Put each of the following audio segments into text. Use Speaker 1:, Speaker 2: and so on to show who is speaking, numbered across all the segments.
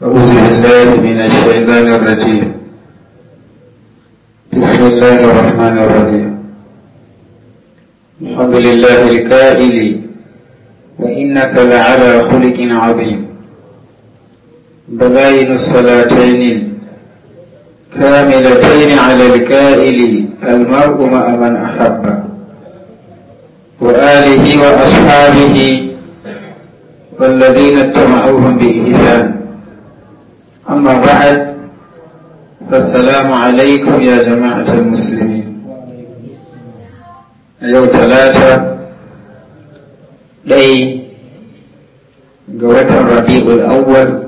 Speaker 1: أعوذ بالله من الشيطان الرجيم بسم الله الرحمن الرحيم الحمد لله الكائل وإنك لعلى خلق عظيم بغاين الصلاتين كاملتين على الكائل المرء ما من أحب وآله وأصحابه والذين اتبعوهم بإحسان أما بعد فالسلام عليكم يا جماعة المسلمين يوم ثلاثة لي قوات الربيع الأول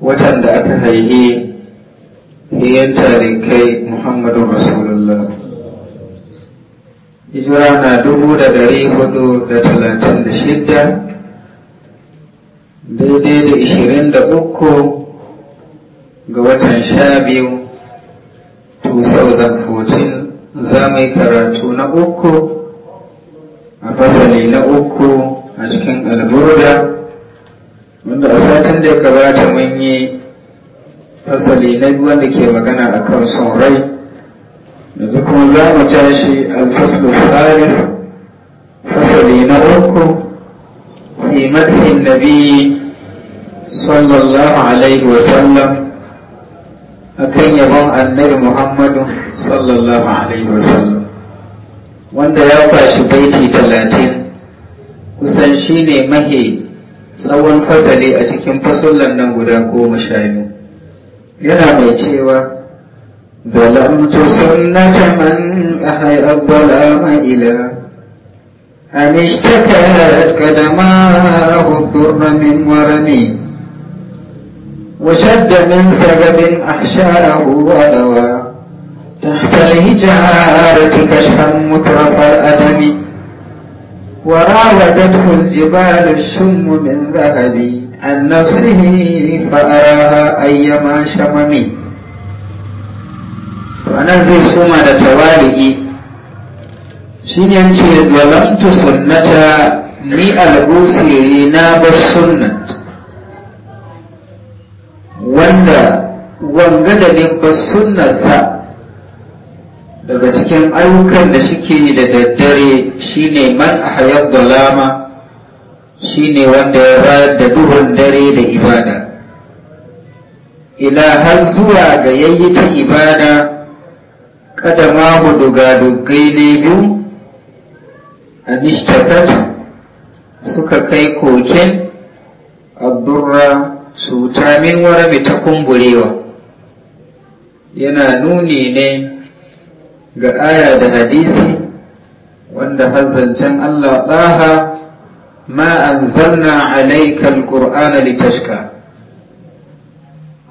Speaker 1: وتند أكهيه هي تاريخي محمد رسول الله إجرانا na دريه da dari دشدة da daidai da ishirin da uku ga watan sha biyu 2014 za mu yi karatu na uku a fasali na uku a cikin alburda wanda a satin da ya gabata mun yi fasali na biyu wanda ke magana a kan son rai yanzu kuma za mu tashi alfaslu fari fasali na uku fi madhin nabiyyi sallallahu alaihi wasallam a kan yabon annabi muhammadu sallallahu alaihi wasallam wanda ya fashi baiti talatin kusan shi ne mahi tsawon fasali a cikin fasullan nan guda goma sha biyu yana mai cewa ظلمت sunnata man أحيا الظلام إلى أن اشتكت قدماه الضر min ورمي وشد من سبب أحشاه ولوى تحت الهجارة كشفا مترف الأدب وراودته الجبال الشم من ذهب عن نفسه فأراها أيما شمم فأنا في سوما توالئي شين ينشي ظلمت سنة ni al-busiri na bar sunna wanda wanga da nimba sunnarsa daga cikin ayyukan da shike da daddare shine man ahayar shi shine wanda ya bayar da duhun dare da ibada ila har zuwa ga yayyita ibada kada ma mu dugadugai ne biyu a nishtakat suka kai koken abdurra suta min warami ta kumburewa yana nuni ne ga aya da hadisi wanda hazzancen Allah ɗaha ma zanna alaika litashka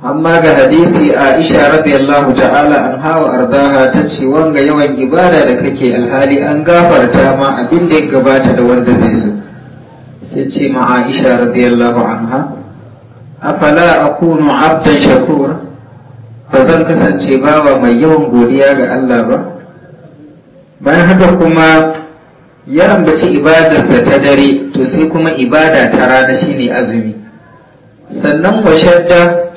Speaker 1: amma ga hadisi a Aisha radiyallahu ta'ala an hawa ardaha ce, wanga yawan ibada da kake alhali an gafarta ma abin da ya gabata da wanda zai zo. sai ce ma Aisha radiyallahu anha afala akunu abdan shakura ba zan kasance bawa mai yawan godiya ga Allah ba bayan haka kuma ya ambaci ibadarsa ta dare to sai kuma ibada ta rana shine azumi sannan washadda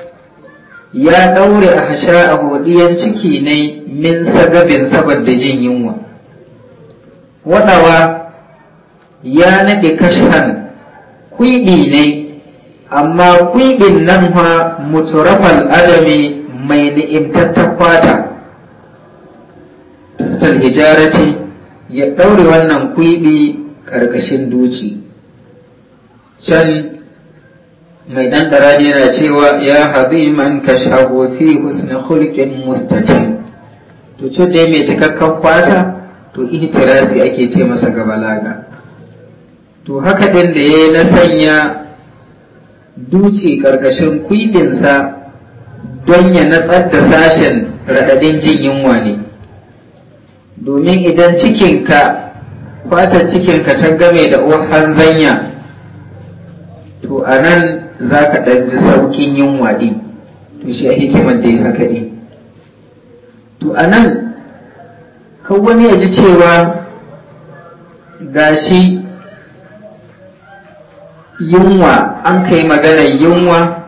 Speaker 1: ya daure a hasha a godiyan ciki ne min sagabin saboda jin yunwa wadawa ya nade kashan kuɗi ne amma wiɓin nan ma muturafal adami mai ni'imtattar fata tattal hijarati ya ɗaure wannan kwiɓi ƙarƙashin duci can mai ɗan yana cewa ya habi man ka fi husna hulkin mustatin to ce da mai cikakkan kwata to tirasi ake ce masa ga to haka din da ya na sanya duce ƙarƙashin kwiɓinsa don ya natsar da sashen raɗaɗin jin yunwa ne domin idan cikinka fatar cikinka ta game da uwan zanya to a nan za ka ɗanji sauƙin yunwa ɗin to shi a hikimar da ya haka ɗin to a nan wani ya ji cewa ga shi. yunwa an kai maganar yunwa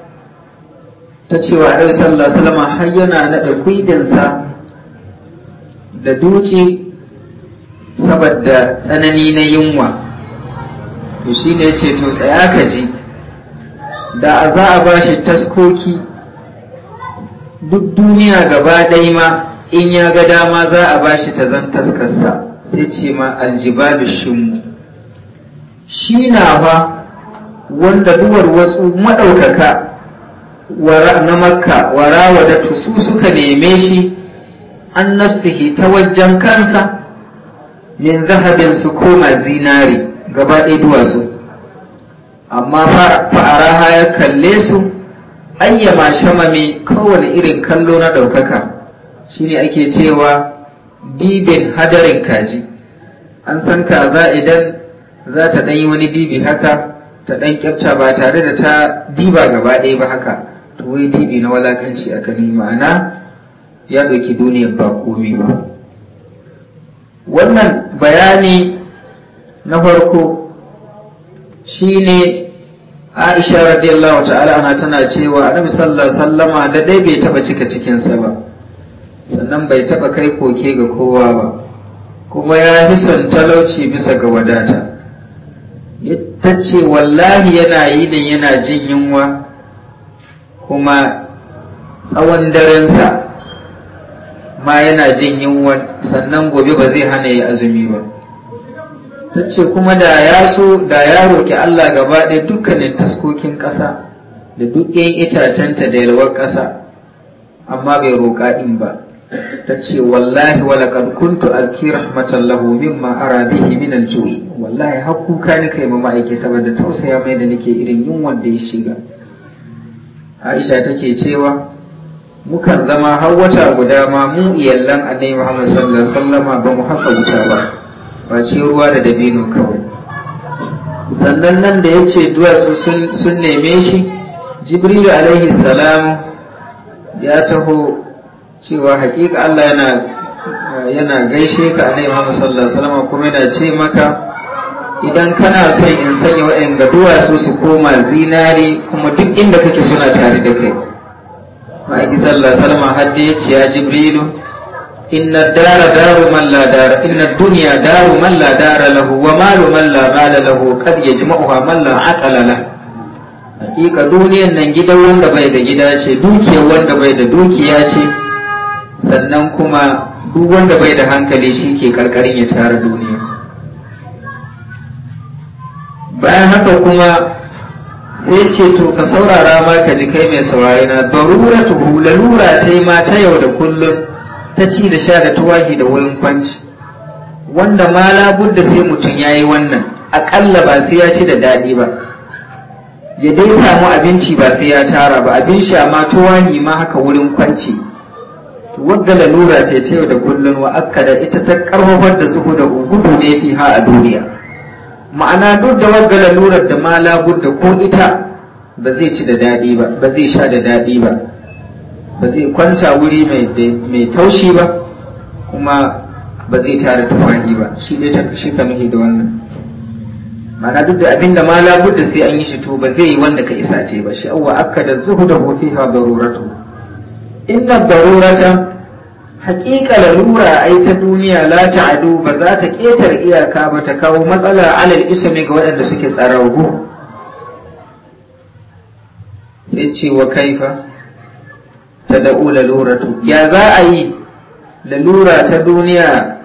Speaker 1: ta cewa annabi sallallahu alaihi har yana naɗa kuidinsa da dutse saboda tsanani na yunwa to ne yace to tsaya ka ji da za a ba shi taskoki duk duniya gaba ɗaya ma in ya ga dama za a ba shi ta zan taskarsa sai ce ma aljibalu shi na fa wanda duwar wasu maɗaukaka na makka warawa da su suka neme shi an nafsihi ta wajen kansa min zahabin su koma zinari gaba ɗaya duwatsu amma fa'araha ya kalle su ayyama shamami kowane irin kallo na ɗaukaka shine ake cewa dibin hadarin kaji an san kaza idan za ta ɗanyi wani dibi haka ta ɗan ƙyabta ba tare da ta diba gaba ɗaya ba haka to wai dibi na walakanci a kan ma'ana ya ɗauki duniyar ba komi ba wannan bayani na farko shi shine aisha radiyallahu ta'ala ana tana cewa annabi sallallahu alaihi sallama da dai bai taɓa cika cikinsa ba sannan bai taɓa kai koke ga kowa ba kuma ya fi son talauci bisa ga wadata ta ce wallahi yana yi da yana jin yunwa kuma tsawon sa ma yana jin yunwa sannan gobe ba zai hana yi azumi ba ta ce kuma da ya so da ya roƙi Allah gaba ɗaya dukkanin taskokin ƙasa da duk itacenta da yalwar ƙasa amma bai roƙa ɗin ba ta ce wallahi wala kad kuntu alki rahmatan lahu mimma ara bihi min wallahi har kuka ni kai mama aiki saboda tausaya mai da nake irin yin wanda ya shiga Aisha take cewa mukan zama har wata guda ma mu iyallan Annabi Muhammad sallallahu alaihi wasallam ba mu hasa wuta ba ba ce ruwa da dabino kawai sannan nan da yace duwatsu sun neme shi Jibril alaihi salam ya taho cewa hakika Allah yana yana gaishe ka annabi Muhammad sallallahu alaihi kuma yana ce maka idan kana son in sanya waɗanda duwatsu su koma zinare kuma duk inda kake suna tare da kai ma'aiki sallallahu alaihi wasallam har da ya ce ya jibrilu inna dara daru man la dara inna dunya daru man la dara lahu wa malu man la mala lahu kad yajma'uha man la aqala la hakika duniyan nan gidan wanda bai da gida ce dukiyar wanda bai da dukiya ce sannan kuma duk wanda bai da hankali shi ke karkarin ya tara duniya bayan haka kuma sai ce to ka saurara ma ka ji kai mai saurari na barura tuhu lalura ta ma ta yau da kullum ta ci da sha da tuwahi da wurin kwanci wanda ma labudda sai mutum ya yi wannan aƙalla ba sai ya ci da daɗi ba ya dai samu abinci ba sai ya tara ba abin sha ma tuwahi ma haka wurin kwanci wadda nura ce ce da kullun wa akkada ita ta karfafar da zuhu da gudu ne fi ha a duniya ma'ana duk da wadda nura da ma da ko ita ba zai ci da daɗi ba ba zai sha da daɗi ba ba zai kwanta wuri mai taushi ba kuma ba zai tara tufahi ba shi dai ta shi ka nuhi da wannan ma'ana duk da abin da ma labudda sai an yi shi to ba zai yi wanda ka isa ce ba shi awwa akkada zuhu da hufi ha garuratu inna darurata haƙiƙa lalura ai ta duniya la adu ba za ta ƙetar iyaka ba ta kawo matsalar alal isami ga waɗanda suke tsararru sai ce wa kaifa ta da'u laluratu ya za a yi lalura ta duniya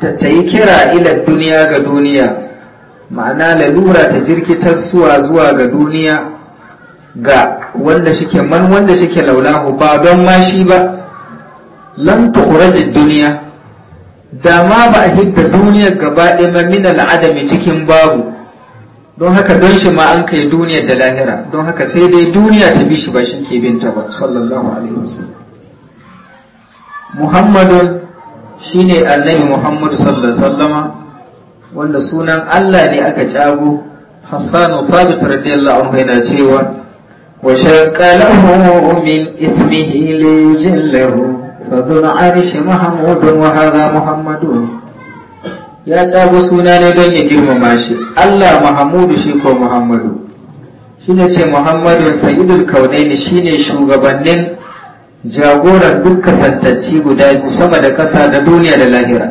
Speaker 1: ta ta kira ila duniya ga duniya ma'ana lalura ta jirkitar suwa zuwa ga duniya ga wanda shike man wanda shike laulahu ba don ma shi ba lam tukhraj duniya da ma ba a hidda duniyar gaba ɗaya min al'adami cikin babu don haka don shi ma an kai duniyar da lahira don haka sai dai duniya ta bi shi ba shi ke binta ba sallallahu alaihi wasallam muhammadun shine annabi muhammadu sallallahu alaihi wasallam wanda sunan Allah ne aka cago Hassanu Thabit radiyallahu anhu yana cewa وشق له من اسمه ليجله فذو العرش محمود وهذا محمد ya tsago suna ne don ya girmama shi Allah Muhammadu shi ko Muhammadu shi ne ce Muhammadu Sa'idul Kaunaini shi ne shugabannin jagoran duk kasantacci guda sama da kasa da duniya da lahira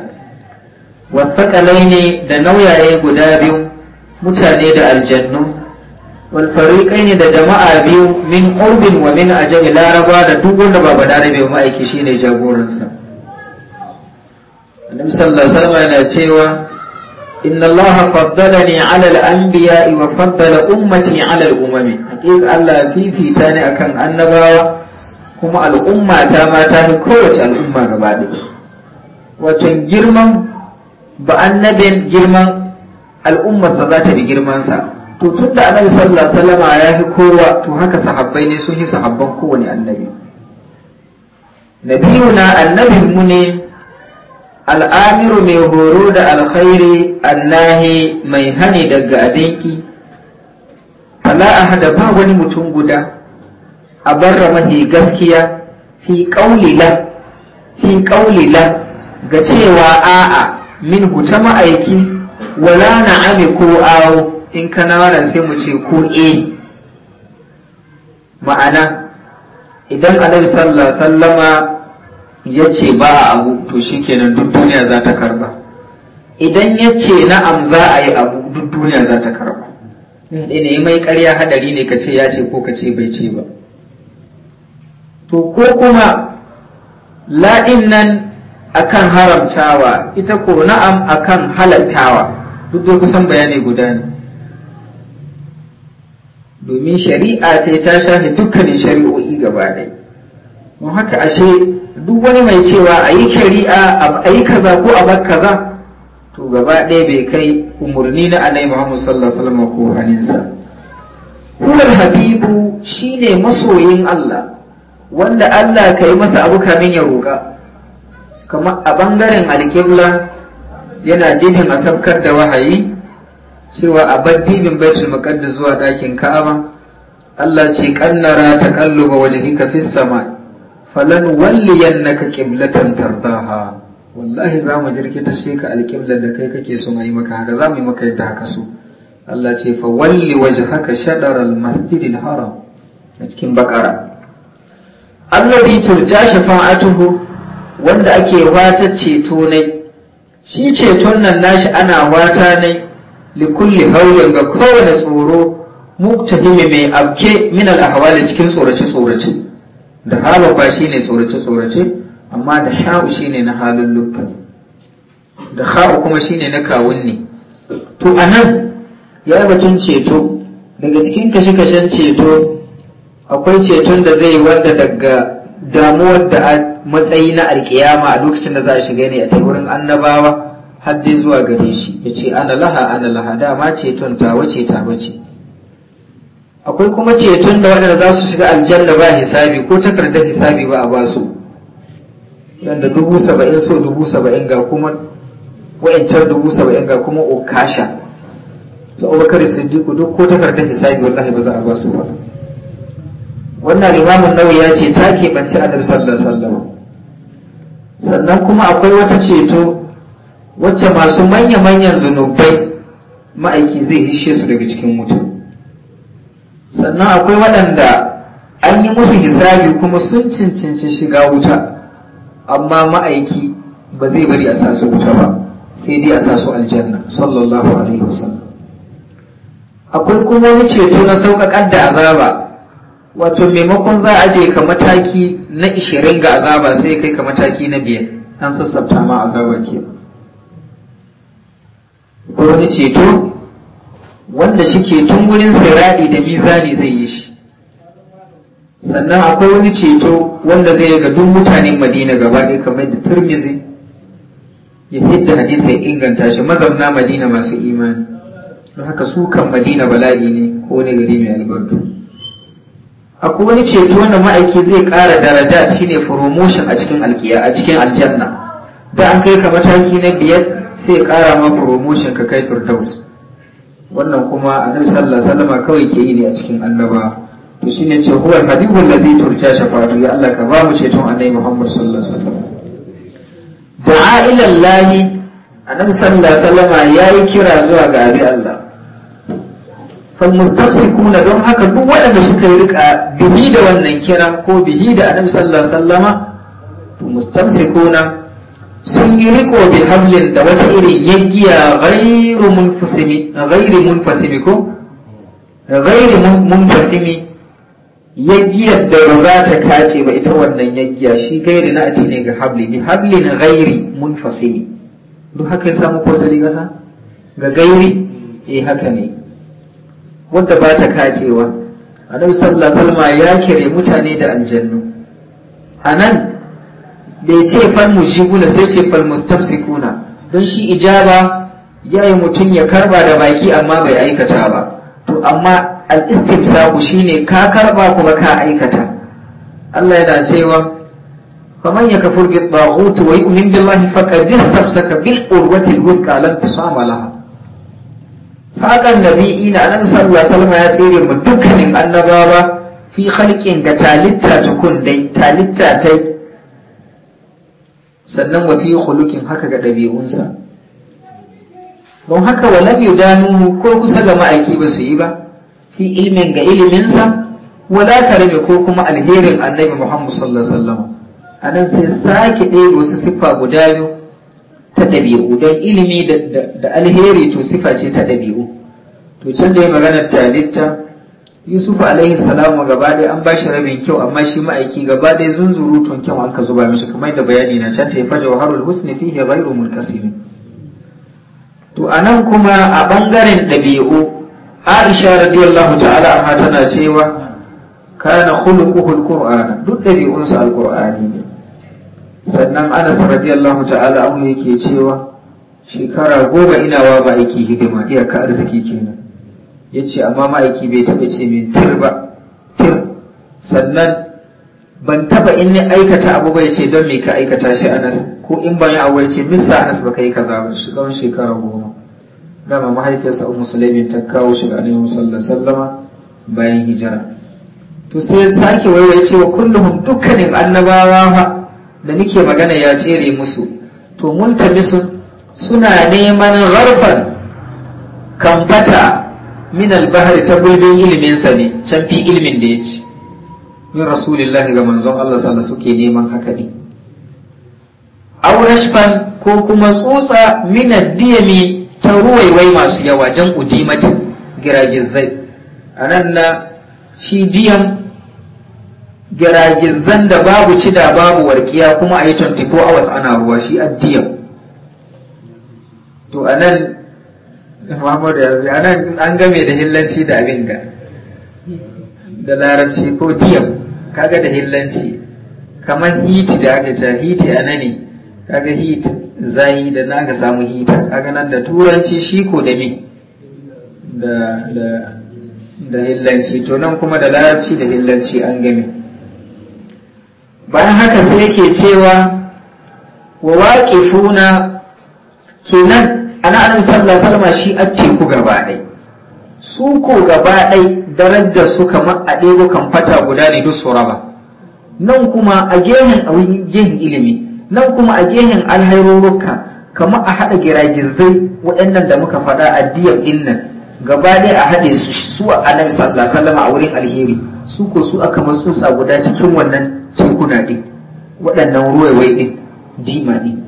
Speaker 1: wasakalai ne da nauyaye guda biyu mutane da aljannu والفريقين da jama'a biyu min urbin wa min ajabi laraba da duk wanda baba balarabe ba ma'aiki shine jagoransa annabi sallallahu alaihi cewa inna allaha ne ala al-anbiya'i wa faddala ummati ala al hakika Allah fifita ne akan annabawa kuma al'umma ta ma kowace al'umma gaba ɗaya wato girman annabin girman al'ummarsa za ta bi girmansa to tun da annabi sallallahu alaihi wasallama ya fi kowa to haka sahabbai ne sun yi sahabban kowane annabi Nabiyu na annabin mu ne al'amiru mai horo da alkhairi annahi mai hani daga abinki fala hada ba wani mutum guda a barra mahi gaskiya fi ƙaulila fi ƙaulila ga cewa a'a min ta ma'aiki wala na'ami ko awo in ka nawara sai mu ce ko e ma'ana idan annabi sallallahu sallama ya ce ba a abu to shikenan duk duniya za ta karba idan ya ce na'am za a yi abu duk duniya za ta karba ne mai karya hadari ne ka ce ya ce ko ka ce bai ce ba to ko kuma la'in nan akan haramtawa ita ko na'am akan halaltawa duk da kusan bayani guda ne domin shari'a ce ta shafe dukkanin shari'o'i gaba ɗaya don haka ashe duk wani mai cewa a yi shari'a a yi kaza ko a bar kaza to gaba ɗaya bai kai umarni na alai muhammad sallallahu alaihi ko haninsa huwar habibu shine masoyin allah wanda allah ka yi masa abu kamin ya roƙa kamar a ɓangaren alƙibla yana dinin a sabkar da wahayi cewa a baddibin dibin baitul muqaddas zuwa ɗakin ka'aba Allah ce kannara waje wajhika fis sama falan walliyannaka qiblatan tardaha wallahi za mu jirkita shi ka alƙiblar da kai kake so mai maka haka za mu yi maka yadda haka so Allah ce fa walli wajhaka shadar al-masjid al-haram a cikin bakara allazi turja shafa'atuhu wanda ake wata ceto ne shi ceton nan nashi ana wata ne likulli haulin ga kowane tsoro muktahimi mai abke min al-ahwali cikin tsorace tsorace da hala ba shine tsorace tsorace amma da sha'u shine na halin lukka da ha'u kuma shine na kawun ne to anan ya batun ceto daga cikin kashe-kashen ceto akwai ceton da zai wanda daga damuwar da matsayi na alkiyama a lokacin da za a shiga ne a wurin annabawa har dai zuwa gare shi ya ce ana laha ana laha dama ceton ta wace ta bace akwai kuma ceton da waɗanda za su shiga aljanna ba hisabi ko takardar hisabi ba a basu yadda dubu saba'in so dubu saba'in ga kuma wa'incar dubu saba'in ga kuma okasha to abubakar siddiqu duk ko takardar hisabi wallahi ba za a basu ba wannan imamun nawawi ya ce ta keɓance annabi sallallahu alaihi wasallam sannan kuma akwai wata ceto wacce masu manya-manyan zunubai ma'aiki zai hishe su daga cikin wuta sannan akwai waɗanda an yi musu hisabi kuma sun cincinci shiga wuta amma ma'aiki ba zai bari a sa su wuta ba sai dai a sa su aljanna sallallahu alaihi wasallam akwai kuma wani ceto na sauƙaƙar da azaba wato maimakon za a je ka mataki na ishirin ga azaba sai kai ka mataki na biyar an sassabta ma azaba kenan ko wani ceto wanda shi ke tun wurin sirari da mizani zai yi shi sannan akwai wani ceto wanda zai ga duk mutanen madina gaba ɗaya kamar da turmizi ya fidda hadisa ya inganta shi mazauna madina masu imani don haka su kan madina bala'i ne ko wani gari mai albarka akwai wani ceto wanda ma'aiki zai ƙara daraja shine promotion a cikin alkiya a cikin aljanna da an kai ka mataki na biyar sai ya ƙara ma promotion ka kai firdaus wannan kuma a nan sallah sallama kawai ke yi ne a cikin annaba to shine ce huwa al-habibu alladhi turja shafatu ya Allah ka ba mu ceton annabi Muhammad sallallahu alaihi wasallam da'a ila Allah annabi sallallahu alaihi wasallam yayi kira zuwa ga abi Allah fal mustafsikuna don haka duk waɗanda suka yi rika bihi da wannan kira ko bihi da annabi sallallahu alaihi wasallama to mustafsikuna sun yi riko bi hablin da wata irin yaggiya ghairu munfasimi ghairu ko ko ghairu munfasimi yaggiyar da za ta kace ba ita wannan yaggiya shi gairi na ce ne ga hablin. bi hablin ghairi munfasimi duk haka ya samu kwasali gasa ga gairi eh haka ne Wadda ba ta kacewa A sallallahu sallah Salma ya kire mutane da aljannu A nan? da ya ce fal mujibuna sai ce fal mustamsikuna don shi ijaba yi mutum ya karba da baki amma bai aikata ba to amma al istimsaku shine ka karba kuma ka aikata Allah yana cewa faman ya kafur bi taghut wa yu'min billahi faqad istamsaka bil urwati al wuthqa lam tusama laha hakan nabi ina nan sallallahu alaihi ya tsere mu dukkanin annabawa fi khalqin ga talitta tukun dai talitta tai sannan wa fi haka ga ɗabi'unsa don haka wa lam yudanu ko kusa ga ma'aiki ba su yi ba fi ilmin ga iliminsa wala karbe ko kuma alherin annabi Muhammad sallallahu alaihi wasallam anan sai sake ɗebo su sifa guda biyu ta ɗabi'u don ilimi da alheri to sifa ce ta ɗabi'u to can da ya magana talitta yusuf alaihi salamu gaba ɗaya an bashi rabin kyau amma shi ma'aiki gaba ɗaya tun kyau ka zuba mishi kamar da bayani na can ta yi fajar harul husni fihi ghairu mulkasimi to anan kuma a bangaren ɗabi'u aisha radiyallahu ta'ala amma tana cewa kana khuluquhu alqur'ana duk ɗabi'unsa alqur'ani ne sannan anas radiyallahu ta'ala amma yake cewa shekara goma ina wa ba aiki hidima iyaka arziki kenan ya ce amma ma'aiki bai taɓa ce min tir ba tir sannan ban taɓa in ni aikata abu bai ce don me ka aikata shi anas ko in ban yi abu ya ce misa anas ba ka yi kaza ba shi tsawon shekara goma dama mahaifiyarsa ummu sulaimin ta kawo shi ga annabi sallallahu sallama bayan hijira to sai ya sake waiwaye cewa kulluhum dukkanin annabawa fa da nake magana ya tsere musu to mun tabi suna neman gharfan kamfata min albahari ta gulbin ilimin sa ne can fi ilimin da ya ci min rasulillahi ga manzon Allah sallallahu suke neman haka ne aw rashfan ko kuma tsutsa min ad-diyami ta ruwaiwai masu yawa jan udimati giragizai anan na shi diyam giragizan da babu cida babu warkiya kuma a yi 24 hours ana ruwa shi addiyam to anan Muhammadu yanzu a nan an game da hillanci da abin ga da larabci ko diyam kaga da hillanci kamar hiti da aka ce hiti a nane kaga hit zai da na aka samu hita kaga nan da turanci shi ko da me da da da hillanci to nan kuma da larabci da hillanci an game bayan haka sai yake cewa wa waqifuna kenan ana annabi sallallahu alaihi wasallam shi acce teku gaba dai su ko gaba dai darajar su kamar a ɗebo kan fata guda ne duk raba nan kuma a gehen gehen ilimi nan kuma a gehen alhairurruka kamar a haɗa giragizai waɗannan da muka faɗa addiyar innan gaba dai a haɗe su su a annabi sallallahu alaihi wasallam a wurin alheri su ko su aka sa guda cikin wannan tekuna ɗin waɗannan ruwaiwai ɗin dima din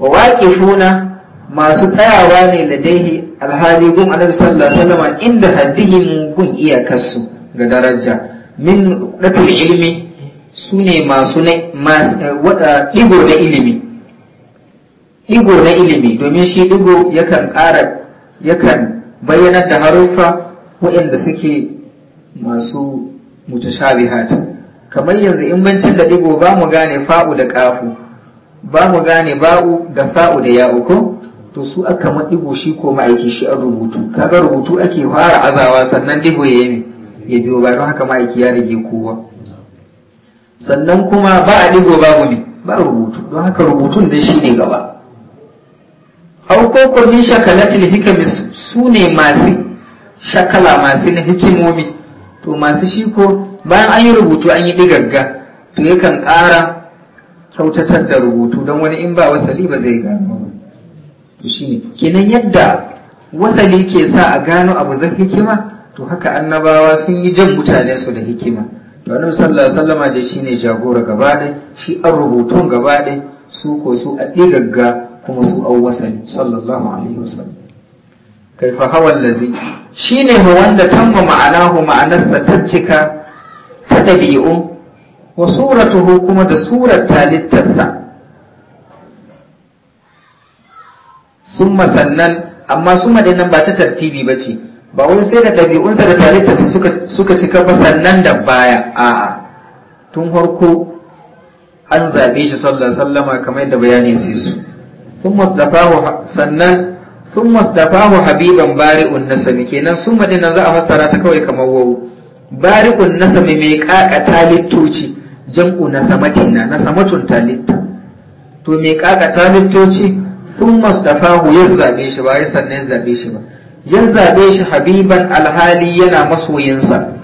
Speaker 1: wa waqifuna masu tsayawa ne ladaihi alhali gun annabi sallallahu alaihi wasallam inda haddihim gun iyakarsu ga daraja min datul ilmi su ne masu ɗigo eh, na ilimi ɗigo na ilimi domin shi ɗigo yakan ƙara yakan bayyanar da harufa waɗanda suke masu mutashabihat kamar yanzu in bancin da ɗigo ba mu gane fa'u da ƙafu ba mu gane ba'u da fa'u da ya'u ko to su aka maɗigo shi ko ma'aiki shi a rubutu kaga rubutu ake fara azawa sannan ɗigo ya yi ya biyo ba don haka ma'aiki ya rage kowa sannan kuma ba a ɗigo mu ne ba rubutu don haka rubutun da shi ne gaba aukokomin shakalatin hikami su ne masu shakala masu na hikimomi to masu shi ko bayan an yi rubutu an yi ɗigagga to yakan ƙara kyautatar da rubutu don wani in ba wasali ba zai gano to shine kenan yadda wasali ke sa a gano abu zan hikima to haka annabawa sun yi jan mutanen su da hikima to annabi sallallahu alaihi wasallam da shine jagora gaba ɗaya shi an rubutun gaba ɗaya su ko su a ɗigagga kuma su an wasali sallallahu alaihi wasallam kai fa hawan lazi shine wanda tamma ma'anahu ma'anarsa ta cika ta ɗabi'u wa suratuhu kuma da surar talittarsa sun sannan amma suma da nan ba ta tartibi ba ce ba wai sai da ɗabi'unsa da talittarsa suka, suka cika ba sannan da baya a'a tun harko an zaɓe shi sallar sallama kamar yadda bayani sai su sun masdafahu sannan sun masdafahu habiban bari'un nasami kenan sun madinan za a fassara ta kawai kamar wawu bari'un nasami mai ƙaƙa talittoci jam'u na samatin na na samatun talitta to mai ƙaƙa talittoci sun mastafahu ya zabe shi ba ya sanne zabe shi ba ya zabe shi habiban alhali yana masoyinsa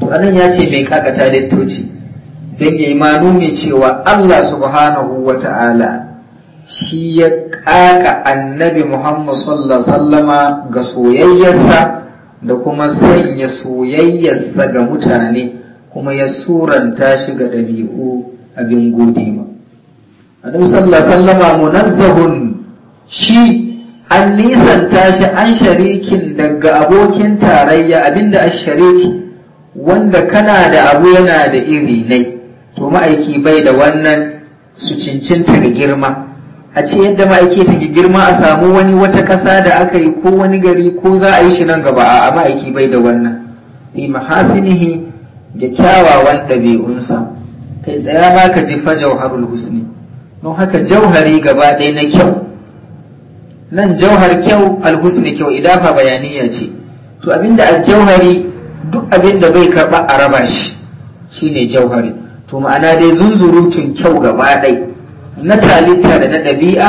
Speaker 1: to anan ya ce mai kakata littoci don ya imanu ne cewa Allah subhanahu wa ta'ala shi ya kaka annabi Muhammad sallallahu sallama ga soyayyarsa da kuma sanya soyayyarsa ga mutane kuma ya suranta shi ga ɗabi'u abin gode ma. annabi sallallahu alaihi munazzahun shi an nisanta shi an sharikin daga abokin tarayya abinda an shariki wanda kana da abu yana da iri nai. to ma'aiki bai da wannan su cincinta ga girma a ce yadda ma'aiki ta girma a samu wani wata kasa da aka yi ko wani gari ko za a yi shi nan gaba a ma'aiki bai da wannan bi mahasinihi da kyawawan ɗabi'unsa kai tsaya ba ka ji fajauharul husni don haka jauhari gaba ɗaya na kyau nan jauhar kyau alhusni kyau idafa bayaniya ce to abinda a jauhari duk abinda bai karba a raba shi shine jauhari to ma'ana dai zunzurutun kyau gaba ɗaya na talita da na ɗabi'a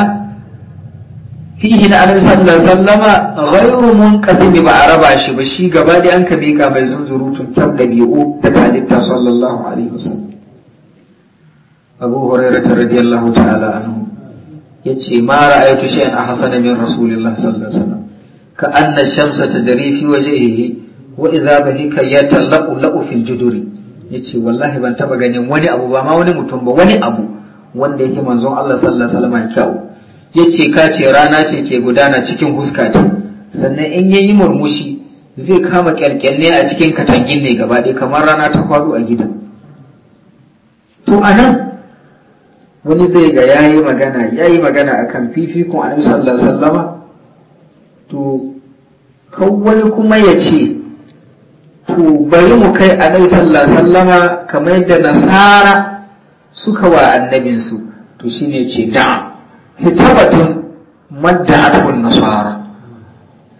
Speaker 1: fihi na annabi sallallahu alaihi wasallama ghairu munqasimi ba a raba shi ba shi gaba ɗaya an ka mika mai zunzurutun kyau ɗabi'u ta talitta. sallallahu alaihi wasallam abu hurairata radiyallahu ta'ala anhu yace ma ra'aytu shay'an ahsana min rasulillahi sallallahu alaihi wasallam ka anna shamsa tajri fi wajhihi wa idza bika yatalaqu laqu fil juduri yace wallahi ban taba ganin wani abu ba ma wani mutum ba wani abu wanda yake manzon Allah sallallahu alaihi wasallam kyau yace ka ce rana ce ke gudana cikin huska ce sannan in yayi murmushi zai kama kyalkyalle a cikin katangin ne gaba ɗaya kamar rana ta faɗo a gidan to anan wani zai ga ya yi magana yayi magana akan fifikon annabi sallallahu alaihi wasallama to kawai kuma ya ce to bari mu kai annabi sallallahu alaihi wasallama kamar yadda nasara suka wa annabinsu to shi ne ce da hitabatun hatun nasara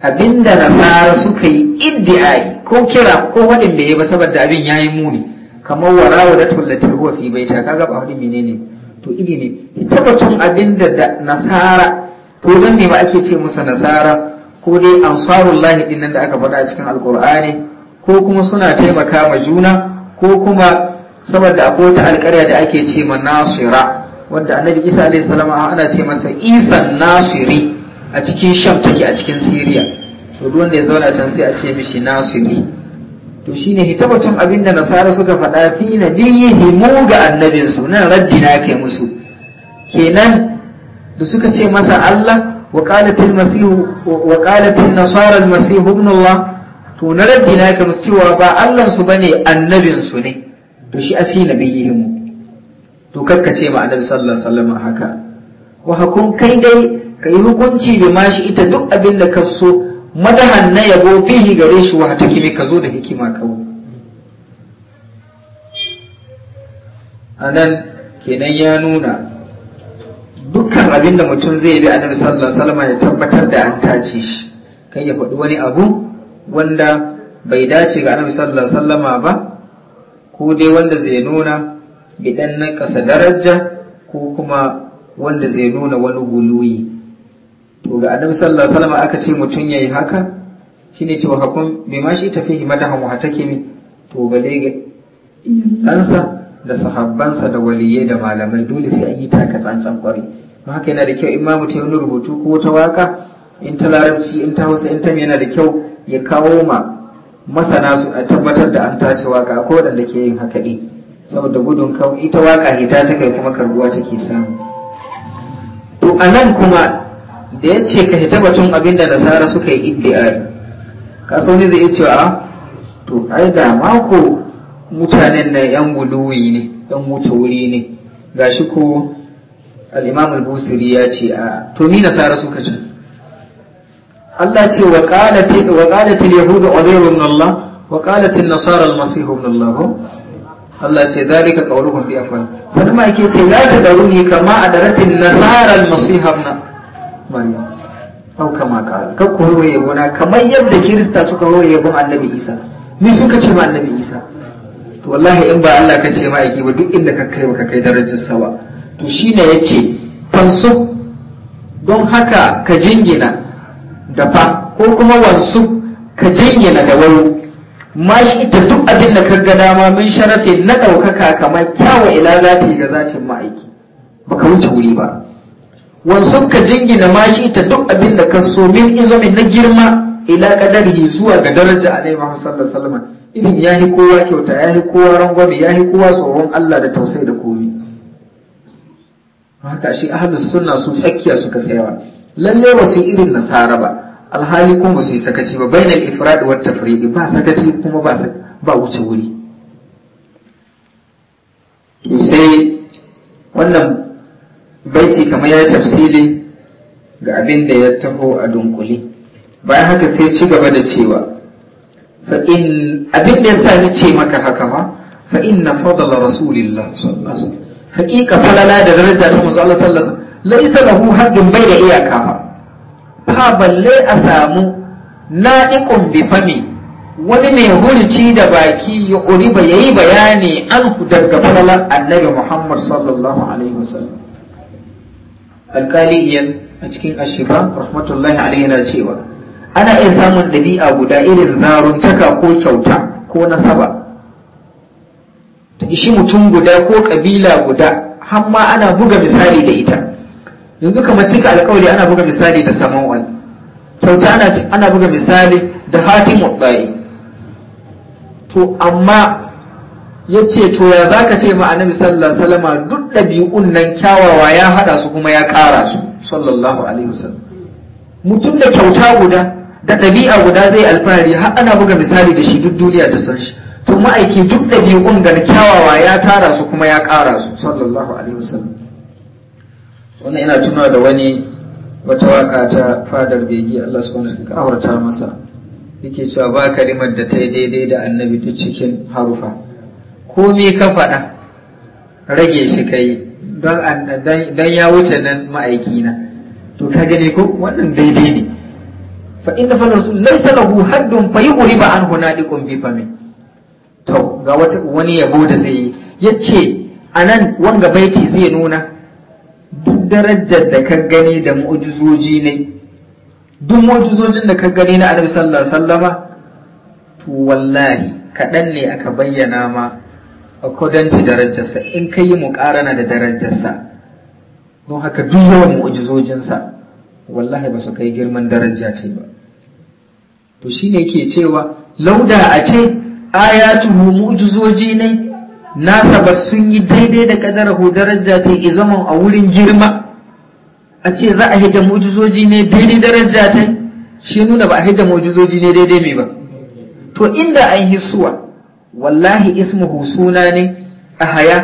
Speaker 1: abinda nasara suka yi iddi'ai ko kira ko wadin bai yi ba saboda abin ya yi muni kamar warawa da tullati huwa fi ta, kaga ba wani menene to iri ne ita batun abinda da nasara to don ne ba ake ce musu nasara ko dai ansarullahi din nan da aka faɗa a cikin alkur'ani ko kuma suna taimaka ma juna ko kuma saboda akwai wata alƙarya da ake ce ma nasira wanda annabi isa alayhi salama ana ce masa isan nasiri a cikin sham take a cikin siriya to duk wanda ya zauna can sai a ce mishi nasiri to shine abin abinda nasara suka faɗa fi biyi mu ga annabinsu nan raddi na kai musu kenan da suka ce masa Allah wa qalatil masihu nasara masihu ibn Allah to na raddi na kai musu cewa ba Allahnsu ba ne annabinsu ne to shi a biyi mu. to ce ma annabi sallallahu alaihi wasallam haka wa hakun kai dai kai hukunci bi mashi ita duk abin da ka so madahan na yabo fihi gare shi wa ta kimi ka zo da hikima kawo a nan kenan ya nuna dukkan abin da mutum zai bi annabi sallallahu alaihi wasallam ya tabbatar da an tace shi kai ya faɗi wani abu wanda bai dace ga annabi sallallahu alaihi wasallam ba ko dai wanda zai nuna bidan na kasa daraja ko kuma wanda zai nuna wani guluyi to ga annabi sallallahu alaihi wasallam aka ce mutum yayi haka shine cewa hakun bai ma shi tafi madahan wa take mi to bale ga ansa da sahabbansa da waliyyai da malamai dole sai an yi taka tsantsan kwari don haka yana da kyau in ma mutum wani rubutu ko wata waka in ta larabci in ta hausa in ta yana da kyau ya kawo ma masana su a tabbatar da an tace waka ko waɗanda ke yin haka ne. saboda gudun kawo ita waka hita ta kai kuma karbuwa take samu to a nan kuma da ya ce ka hita batun abin da nasara suka yi iddi'ai ka sauni zai ce a ah, to ai da mako mutanen na yan guluwi ne yan wuce wuri ne Ga shi ko al al-busiri ya ce a ah, to mi nasara suka ce Allah ce wa qalat wa qalat al-yahud udayr Allah wa qalat nasarar nasara al-masih ibn Allah Allah ce zalika qawluhum bi afwah sannan ma yake ce la tadaruni kama adaratin nasara al-masih ibn maryam au kama ka ka ku hoye yabo kamar yadda kirista suka hoye yabo annabi isa ni suka ce ma annabi isa to wallahi in ba Allah ka ce ma aiki ba duk inda ka kai ka kai darajar sawa to shine yace fansu don haka ka jingina da fa ko kuma wansu ka jingina da wayo mashi ita duk abin da ka ga dama min sharafe na ɗaukaka kamar kyawa ila zati ga zatin ma'aiki ka wuce wuri ba wansu ka jingina mashi ta duk abin da ka so min min na girma ila kadarihi zuwa ga daraja alaihi Muhammad sallallahu alaihi wasallam irin yayi kowa kyauta yayi kowa rangwame yayi kowa tsoron Allah da tausayi da komai haka shi ahlus sunna su tsakiya suka tsayawa lalle ba su irin nasara ba alhali kuma su yi sakaci ba bainal ifrad wa tafriq ba sakaci kuma ba ba wuce wuri sai wannan baiti kamar ya tafsiri ga abin da ya taho a dunkule bayan haka sai ci gaba da cewa abin da ya sa ni ce maka haka ma fa inna fadala rasulillah sallallahu alaihi wasallam haƙiƙa falala da daraja ta manzo Allah sallallahu alaihi wasallam laisa lahu haddun bai da iyaka ba fa balle a samu na'iqun bi fami wani mai hurci da baki ya ƙuriba yayi bayani an daga falalar annabi Muhammad sallallahu alaihi wasallam alkali a cikin ashiba rahmatullahi alaihi na cewa ana iya samun ɗabi'a guda irin zarun caka ko kyauta ko nasaba ta ishi mutum guda ko ƙabila guda har ma ana buga misali da ita yanzu kamar cika alkawari ana buga misali da samanwal kyauta ana buga misali da hatim ɗaya to amma ya ce to ya za ka ce ma annabi sallallahu alaihi wasallama duk ɗabi'un nan kyawawa ya haɗa su kuma ya ƙara su sallallahu alaihi wasallam mutum da kyauta guda da ɗabi'a guda zai alfahari har ana buga misali da shi duk duniya ta san shi to ma'aiki duk ɗabi'un ga kyawawa ya tara su kuma ya ƙara su sallallahu alaihi wasallam wannan ina tuna da wani wata waka ta fadar begi Allah subhanahu wa ta'ala masa yake cewa ba kalimar da ta yi daidai da annabi duk cikin harufa me ka faɗa rage shi ka yi don ya wuce nan ma'aikina to ka gane ko wannan daidai ne fa inda fa rasul laysa lahu haddun fa yuri ba anhu nadiqun bi fami to ga wata wani yabo da zai yi yace anan wanga baiti zai nuna duk darajar da ka gani da mu'jizoji ne duk mu'jizojin da ka gani na annabi sallallahu alaihi wasallama to wallahi kaɗan ne aka bayyana ma according to darajarsa in ka yi muƙarana da darajarsa don haka duk yawan mu'ujizojinsa wallahi ba su kai girman daraja ta ba to shi ne ke cewa lauda a ce ayatuhu mu'jizoji ne nasa ba sun yi daidai da kadarahu daraja ta zama a wurin girma a ce za a hidda mu'jizoji ne daidai daraja ta shi nuna ba a hidda mu'jizoji ne daidai mai ba to inda an hisuwa wallahi ismuhu suna ne a haya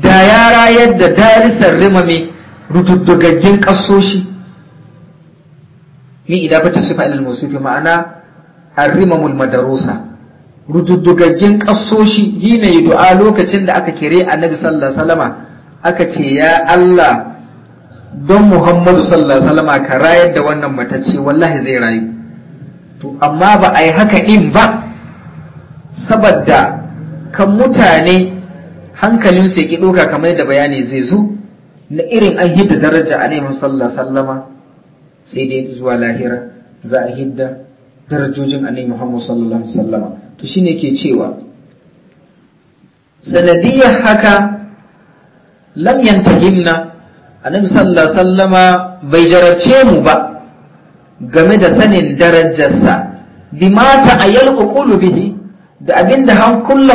Speaker 1: da ya yadda da rima mai rududdugaggen ƙassoshi min idan bata sifa ilal musufi ma'ana arrimamul madarusa rududdugaggen ƙasoshi yi du'a lokacin da aka kire annabi sallallahu alaihi salama, aka ce ya Allah don Muhammadu sallallahu alaihi salama ka rayar da wannan matacce wallahi zai rayu to amma ba a yi haka in ba saboda kan mutane hankalinsu ya ki ɗoka kamar da bayani zai zo na irin an hidda daraja a neman sallah sallama sai dai zuwa lahira za a hidda darajojin a Muhammad sallallahu alaihi sallama to shine ke cewa sanadiyar haka lam himna a sallallahu sallah, sallama bai jarabce mu ba game da sanin darajarsa bimata a uqulu bihi da abinda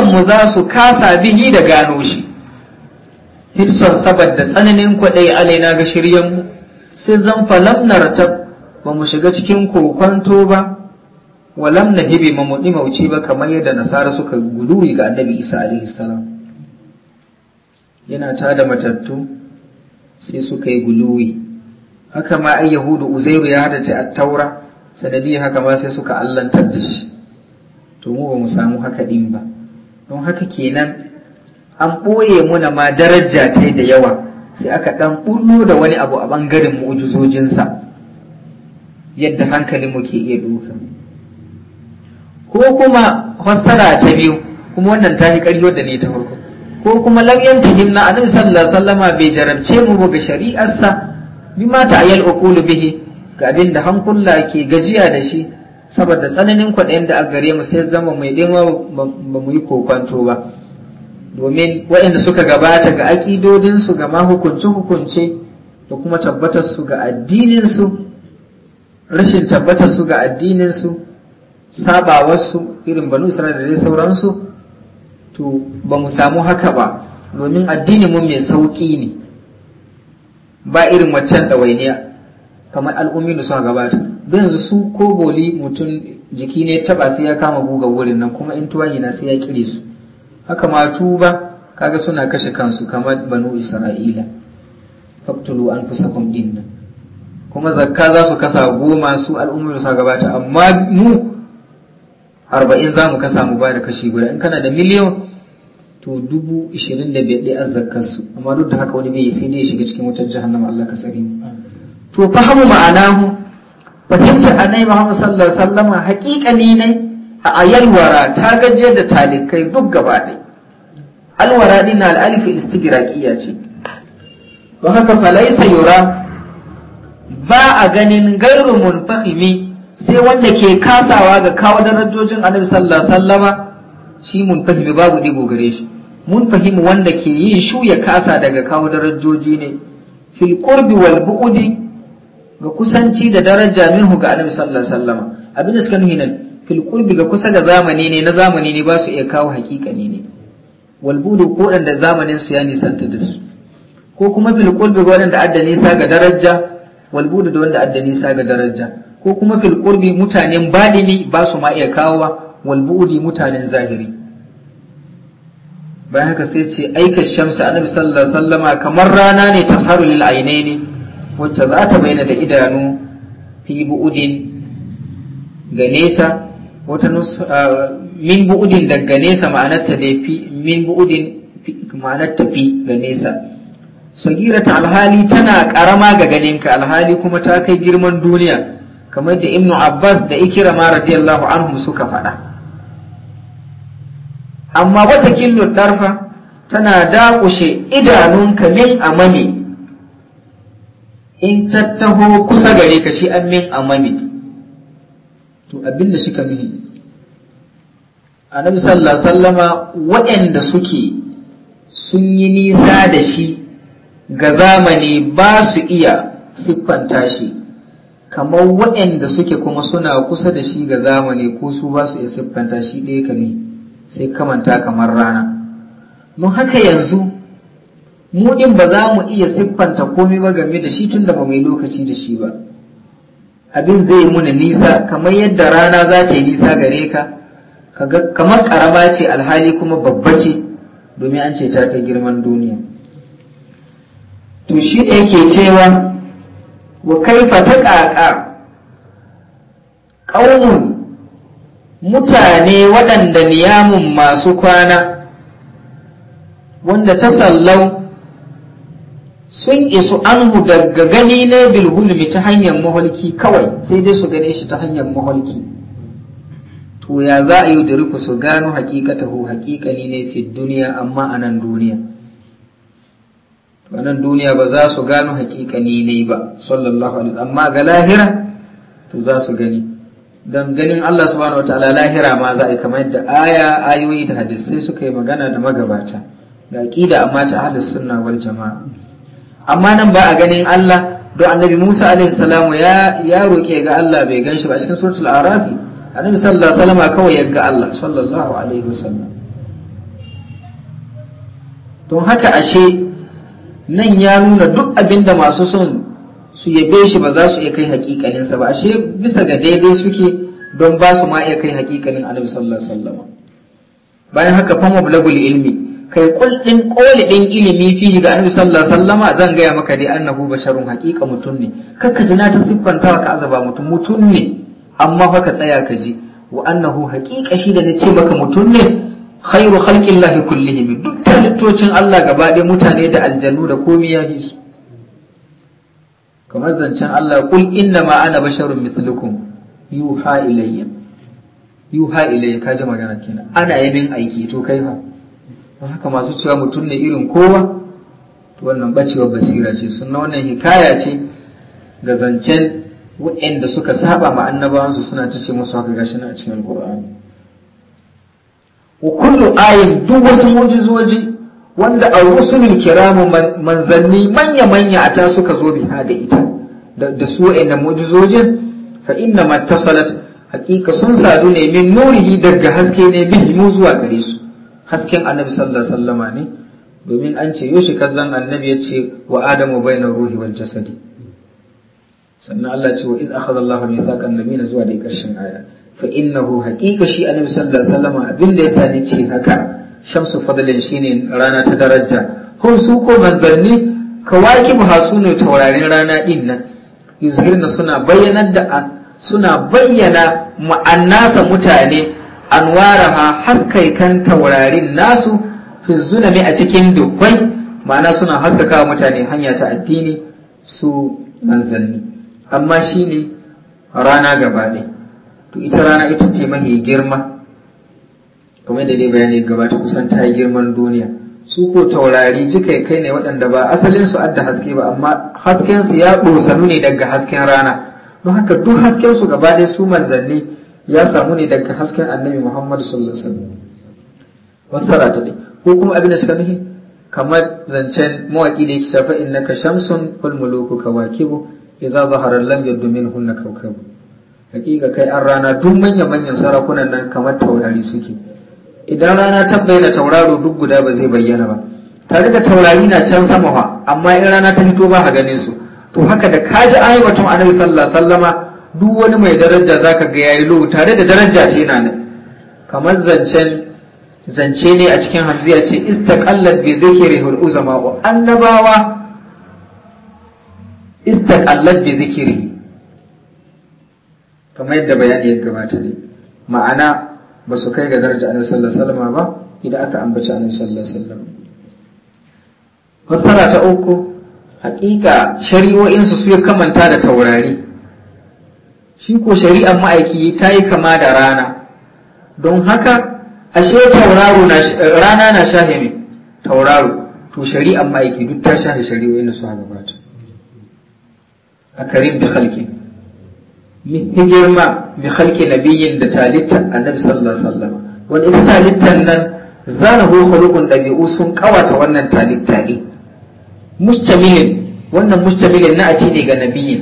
Speaker 1: mu za su kasa bihi da gano shi hitson saboda tsananin kwaɗai alaina ga shiryanmu sai zan na rata ba mu shiga cikin kokonto ba walam na hibe ma mu mauci ba kamar yadda nasara suka guduri ga annabi isa alaihi salam yana tada matattu sai suka yi guluwi haka ma ai yahudu uzairu ya hada ta taura sanadi haka ma sai suka allantar da shi to mu ba mu samu haka ɗin ba don haka kenan an ɓoye muna ma daraja ta da yawa sai aka ɗan ɓullo da wani abu a ɓangaren mu'ujizojinsa yadda hankalinmu ke iya duka ko kuma fassara ta biyu kuma wannan ta yi ƙaryo da ne ta farko ko kuma lam himna a annabi sallallahu alaihi bai jarabce mu ga shari'arsa bima ta ayal uqulu bihi ga abin da hankula ke gajiya da shi saboda tsananin kwaɗayin da a gare mu sai zama mai ɗima ba mu yi kokwanto ba domin waɗanda suka gabata ga aƙidodinsu ga mahukunce-hukunce da kuma tabbatarsu ga addininsu rashin tabbatarsu ga addininsu sabawarsu irin banu sana da dai sauransu to ba mu samu haka ba domin addini mun mai sauƙi ne ba irin waccan ɗawainiya kamar al'ummi da suka gabata yanzu su ko boli mutum jiki ne taba sai ya kama guga wurin nan kuma in tuwa yana sai ya kire su haka ma tuba kaga suna kashe kansu kamar banu isra'ila faktulu an kusa din nan kuma zakka za su kasa goma su al'ummar sa gabata amma mu arba'in za mu kasa mu ba kashi guda in kana da miliyon to dubu ishirin da biyar ɗaya su, amma duk da haka wani bai sai ne ya shiga cikin wutar jahannama Allah ka tsare mu to fahimu ma'ana mu. fahimci annabi Muhammad sallallahu alaihi wasallam haƙiƙani ne a ayalwara ta gaje da talikai duk gaba ɗaya alwara din na al'alifi istigraqiyya ce ba haka falaisa yura ba a ganin gairu fahimi sai wanda ke kasawa ga kawo darajojin annabi sallallahu alaihi wasallama shi fahimi babu digo gare shi fahimi wanda ke yin shuya kasa daga kawo darajoji ne fil qurbi wal bu'di ga kusanci da daraja minhu ga annabi sallallahu alaihi wasallam abin da suka nuhi nan fil qurbi ga kusa ga zamani ne na zamani ne ba su iya kawo haƙiƙani ne wal budu ko da zamanin su ya nisanta da su ko kuma fil qurbi ga wanda adda nisa ga daraja wal budu da wanda adda nisa ga daraja ko kuma fil qurbi mutanen badini ba su ma iya kawowa wal budi mutanen zahiri bayan haka sai ce aika shamsu annabi sallallahu alaihi wasallama kamar rana ne tasharu lil ainaini wacce za ta maina da idanu fi bu'udin ga nesa wata ah, min bu'udin daga nesa ma'anarta da fi min bu'udin ma'anarta fi ga nesa ta alhali tana karama ga ganinka alhali kuma ta kai girman duniya kamar da ibnu abbas da Ikira, ikirama radiyallahu anhu suka faɗa amma wata killu darfa tana dakushe idanunka min amani in tattaho kusa gare ka shi an min amami to abin da suka mihi annabi sallallahu alaihi wasallama waɗanda suke sun yi nisa da shi ga zamani ba su iya siffanta shi kamar waɗanda suke kuma suna kusa da shi ga zamani ko su ba su iya siffanta shi ɗaya kame sai kamanta kamar rana mun haka yanzu mu din ba za mu iya siffanta komai ba game da shi tun da ba mai lokaci da shi ba abin zai muna nisa kamar yadda rana za ta yi nisa gare ka kamar karama ce alhali kuma babba ce domin an ce ta kai girman duniya to shi da yake cewa wa kaifa ta ƙaƙa ƙaunin mutane waɗanda niyamun masu kwana wanda ta sallau sun isu anhu daga gani na bilhulmi ta hanyar maholki kawai sai dai su gane shi ta hanyar maholki to ya za a yi da su gano hakikatahu hakikani ne fi duniya amma a nan duniya To nan duniya ba za su gano hakikani ne ba sallallahu alaihi amma ga lahira to za su gani don ganin Allah subhanahu wataala lahira ma za a kamar da aya ayoyi da hadisi suka yi magana da magabata ga aqida amma ta ahlus sunna wal jama'a amma nan ba a ganin Allah don annabi Musa alaihi salamu ya ya roƙe ga Allah bai ganshi ba cikin suratul arafi annabi sallallahu alaihi wasallam kawai ya ga Allah sallallahu alaihi wasallam don haka ashe nan ya nuna duk abinda masu son su yabe shi ba za su iya kai sa ba ashe bisa ga daidai suke don ba su ma iya kai hakikalin annabi sallallahu alaihi wasallam bayan haka fama bulagul ilmi kai koli ɗin ilimi fihi ga annabi sallallahu alaihi wasallama zan gaya maka dai annahu basharun haqiqa mutum ne kakka ji na ta siffanta ka azaba mutum mutum ne amma fa ka tsaya ka ji wa annahu haqiqa shi da nace maka mutum ne khairu khalqillahi kullihim duk talittocin Allah gaba ɗaya mutane da aljannu da komai ya yi kamar zancen Allah kul inna ma ana basharun mithlukum yuha ilayya yuha ilayya ka ji magana kenan ana yabin aiki to kai fa don haka masu cewa mutum ne irin kowa wannan bacewar basira ce sunna wannan hikaya ce ga zancen waɗanda suka saba ma annabawansu suna ta ce musu haka gashi na a cikin alkur'ani wa kullu ayin duk wasu mujizoji wanda a rusulul kiramu manzanni manya manya a ta suka zo biha da ita da su waɗannan mujizojin fa inna tasalat haƙiƙa sun sadu ne min nurihi daga haske ne bihi mu zuwa gare su hasken annabi sallallahu alaihi wasallama ne domin an ce yoshi kazan annabi ya ce wa adamu bayna ruhi wal jasadi sannan Allah ce wa iz akhadha Allahu mithaqan nabiyina zuwa da karshen aya fa innahu haqiqa shi annabi sallallahu alaihi wasallama da ya sani ce haka shamsu fadlin shine rana ta daraja ko su ko manzanni kawaki hasu ne taurarin rana din nan yuzhirna suna bayyana da suna bayyana ma'annasa mutane anwaraha haskaikan taurarin nasu fi zunami a cikin dubbai ma'ana suna haskaka mutane hanya ta addini su manzanni amma shine rana gaba to ita rana ita ce mahi girma kamar da dai bayani gabata kusan ta girman duniya su ko taurari jikai kai ne waɗanda ba asalin su adda haske ba amma hasken su ya ɗosanu ne daga hasken rana don haka duk hasken su gaba ɗaya su manzanni ya samu ne daga hasken annabi Muhammadu sallallahu alaihi wasallam ta dai ko kuma abin da suka nufi kamar zancen mawaki da yake shafa innaka shamsun wal muluku kawakibu idza zahara lam yaddu minhunna kawkab hakika kai an rana duk manyan manyan sarakunan nan kamar taurari suke idan rana ta bayyana tauraro duk guda ba zai bayyana ba tare da taurari na can sama fa amma in rana ta fito ba a ganin su to haka da kaji ayatun annabi sallallahu alaihi wasallama duk wani mai daraja za ka ga yayi low tare da daraja ce na nan kamar zancen zance ne a cikin hamziya ce istaqallat bi hul uzama wa annabawa istaqallat bi dhikri kamar yadda bayani ya gabata ne ma'ana ba su kai ga daraja annabi sallallahu alaihi wasallam ba idan aka ambaci annabi sallallahu alaihi wasallam fassara ta uku hakika shari'o'in su ya kamanta da taurari shi ko shari'ar ma'aiki ta yi kama da rana don haka ashe tauraro rana na shahe mai tauraro to shari'ar ma'aiki duk ta shahe shari'o da su ha bata. a karim bi halki min girma bi halki biyin da talitta annabi sallallahu alaihi wasallam wani ita talittan nan zana ho khuluqun dabi'u sun kawata wannan talitta ne mustamilin wannan mustamilin na a ce ne ga nabiyin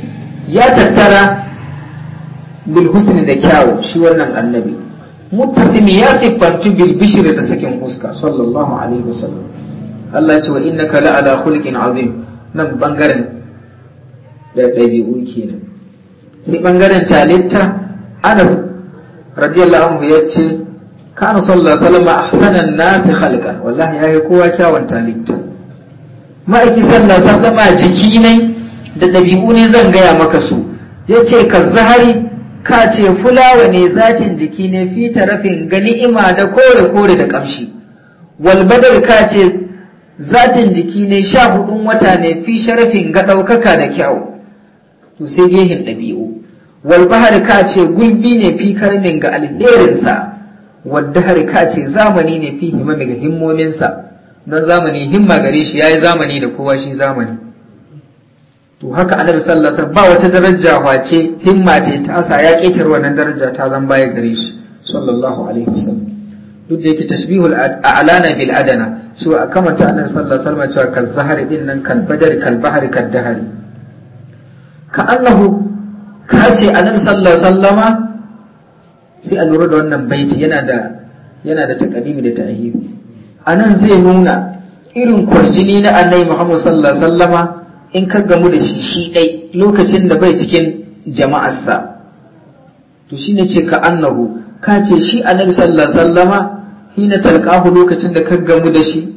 Speaker 1: ya tattara bilhusin da kyawu shi wannan annabi muttasim ya siffantu bilbishir da sakin fuska sallallahu alaihi wasallam Allah ya ce wa innaka la ala khulqin azim nan bangaren da dabi'u kenan sai bangaren talitta Anas radiyallahu anhu ya ce kana sallallahu alaihi wasallam ahsanan nas khalqan wallahi yayi kowa kyawun talitta ma'aiki sallallahu alaihi wasallam jiki ne da dabi'u ne zan gaya maka su yace ka zahari ka ce fulawa ne zatin jiki ne fi tarafin gani'ima da kore-kore da ƙamshi walbadar ka ce zatin jiki ne sha hudun wata ne fi sharafin ga ɗaukaka da kyau to sai gehin ɗabi'u walbahar ka ce gulbi ne fi karmin ga alherinsa wadda har ka ce zamani ne fi himami ga himmominsa don zamani himma gare shi ya yi zamani da kowa shi zamani to haka annabi sallallahu alaihi ba wata daraja wace himma ta ta asa ya ƙetar wannan daraja ta zan baya gare shi sallallahu alaihi wasallam duk da yake tashbihul a'lana bil adana so a kamata annabi sallallahu alaihi wasallam cewa kal zahari din nan kal badar kal bahari kal dahari ka annahu ka ce annabi sallallahu alaihi wasallama sai a lura da wannan baiti yana da yana da takadimi da ta'himi anan zai nuna irin kurjini na annabi Muhammad sallallahu alaihi wasallama in ka gamu da shi shi ɗai lokacin da bai cikin jama'arsa to shi ne ce ka annahu ka ce shi annabi sallallahu sallama hina talqahu lokacin da ka gamu da shi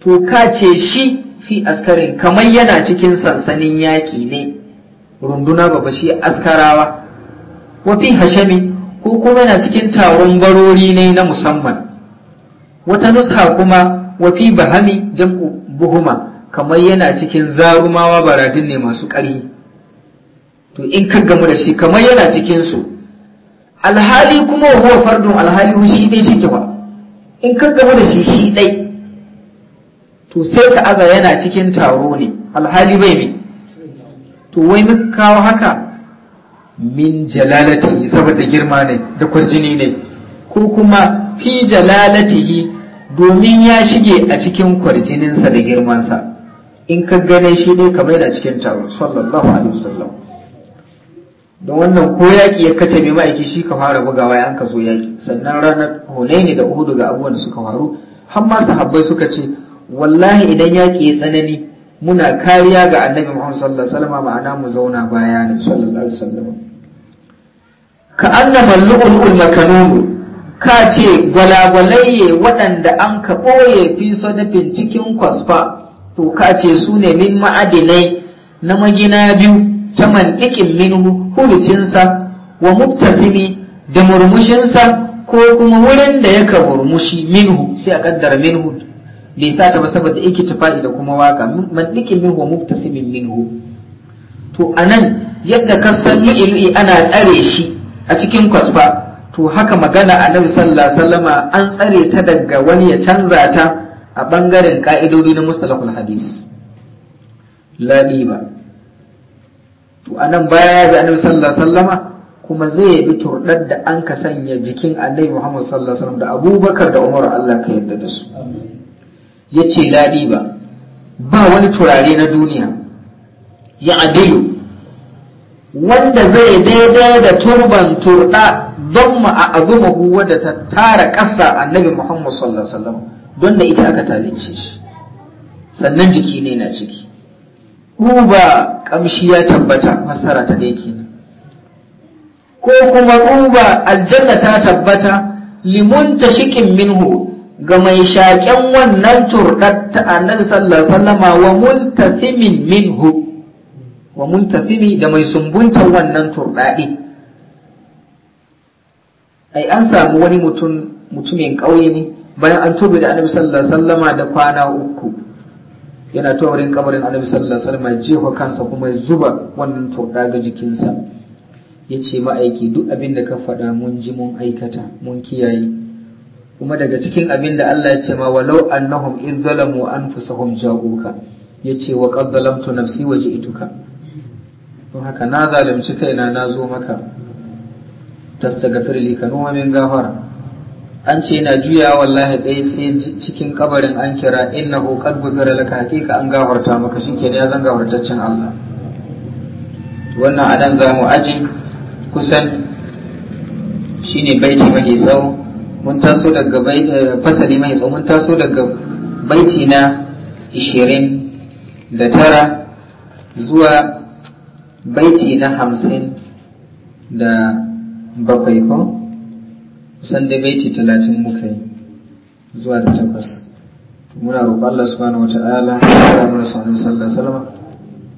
Speaker 1: to ka ce shi fi askarin kamar yana cikin sansanin yaƙi ne runduna ba shi askarawa wa fi hashami ko kuma yana cikin taron barori ne na musamman wata nusha kuma wa fi bahami jam'u buhuma kamar yana cikin zarumawa baradin ne masu ƙari to in ka gamu da shi kamar yana cikin su alhali kuma wa huwa fardun alhali shi dai shike ba in ka gamu da shi shi dai to sai ka aza yana cikin taro ne alhali bai ne to wai muka kawo haka min jalalatihi saboda girma ne da kwarjini ne ko kuma fi jalalatihi domin ya shige a cikin kwarjininsa da girmansa in ka gane shi ne ka mai cikin taro sallallahu alaihi wasallam don wannan ko yaƙi ya kace mai ma'aiki shi ka fara bugawa ya an ka zo yaƙi sannan ranar hunaini da uhudu ga abubuwan suka faru har ma sahabbai suka ce wallahi idan yaƙi ya tsanani muna kariya ga annabi muhammad sallallahu alaihi wasallam ma'ana mu zauna baya ne sallallahu alaihi wasallam ka annama lu'ul makanunu ka ce gwalagwalaye waɗanda an ka ɓoye fi sadafin cikin kwasfa To ka ce su ne min ma'adinai na magina biyu ta mandikin minhu hulucinsa wa mubtasimi da murmushinsa ko kuma wurin da yaka murmushi minhu sai a kaddara minhu bai sa ta ba saboda yake tufa'i da kuma waka mandikin minhu wa mubtasimin minhu to a nan, yadda ka san lu'ilu'i ana tsare shi a cikin kwasfa to haka magana a sallallahu alaihi wasallama an tsare ta daga wani ya canza ta a ɓangaren ƙa'idodi na mustalakul hadis lani ba to anan baya ya bi annabi sallallahu alaihi kuma zai yi turɗar da an ka sanya jikin annabi muhammad sallallahu alaihi da abubakar da umar allah ka yarda da su ya ce lani ba ba wani turare na duniya ya adilu wanda zai daidai da turban turɗa don a ma'azumahu wadda ta tara ƙasa annabi muhammad sallallahu alaihi don da ita aka talince shi sannan jiki ne na ciki ba kamshi ya tabbata fassara ta dai kenan ko kuma ba aljanna ta tabbata limun ta shikin minhu ga mai shaƙen wannan turɗar ta annabi sallallahu sallama wa muntafimin minhu wa muntafimi da mai sumbunta wannan turɗaɗe ai an samu wani mutum mutumin ƙauye ne bayan an tobe da annabi sallallahu alaihi wasallam da kwana uku yana ta wurin kabarin annabi sallallahu alaihi wasallam jefa kansa kuma ya zuba wannan toda ga jikinsa ya ce ma'aiki duk abin da ka faɗa mun ji mun aikata mun kiyaye kuma daga cikin abin da Allah ya ce ma walau annahum in zalamu anfusahum ja'uka ya ce wa qad zalamtu nafsi wa ji'tuka don haka na zalunci kaina na zo maka tastaghfir li ka min gafara an ce na juya wallahi dai sai cikin kabarin an kira innahu qad ghufira laka hakika an gafarta maka ke ya zan gafartaccen Allah wannan adan za mu aji kusan shine baiti mafi tsawo mun taso daga eh, fasali mai tsawo mun taso daga baiti na da tara zuwa baiti na hamsin da bakwai ko kusan dai baiti talatin muka yi zuwa da takwas muna roƙon Allah subhanahu wa ta'ala ya mu cikin sallallahu alaihi wasallam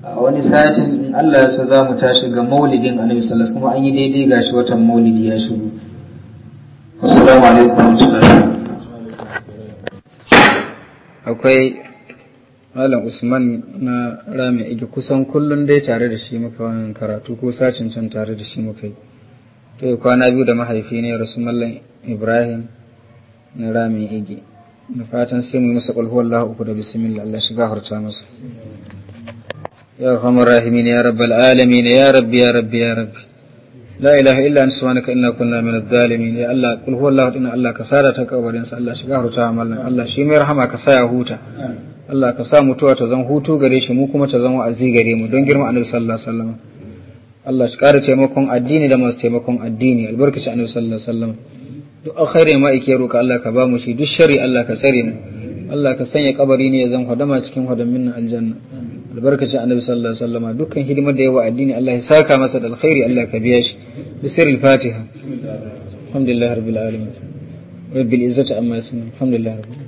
Speaker 1: a wani satin in Allah ya sa za mu tashi ga maulidin annabi sallallahu kuma an yi daidai gashi watan maulidi ya shigo assalamu alaikum akwai malam usman na rami igi kusan kullum dai tare da shi muka wannan karatu ko sacin can tare da shi muka yi to yi kwana biyu da mahaifi ne rasu mallan ibrahim na ramin igi Na fatan sai mu yi masa ƙulhu Allah uku da bismillah Allah shiga harta masa ya rahman ne ya rabbal alamin ya rabbi ya rabbi ya rabbi la ilaha illa anta subhanaka inna kunna min adh-dhalimin ya Allah ƙulhu Allah inna Allah ka sada ta kabarin sa Allah shiga harta mallan Allah shi mai rahama ka sa ya huta Allah ka sa mutuwa ta zan hutu gare shi mu kuma ta zan wa'azi gare mu don girma annabi sallallahu alaihi wasallam Allah shi ƙara taimakon addini da masu taimakon addini albarkaci annabi sallallahu alaihi wasallam duk alkhairi ma ike roƙa Allah ka ba mu shi duk shari Allah ka tsare mu Allah ka sanya kabari ne ya zan hadama cikin hadamin na aljanna albarkaci annabi sallallahu alaihi wasallam dukkan hidimar da yawa addini Allah ya saka masa da alkhairi Allah ka biya shi bi sirril fatiha alhamdulillah rabbil alamin rabbil izzati amma yasifun alhamdulillah rabbil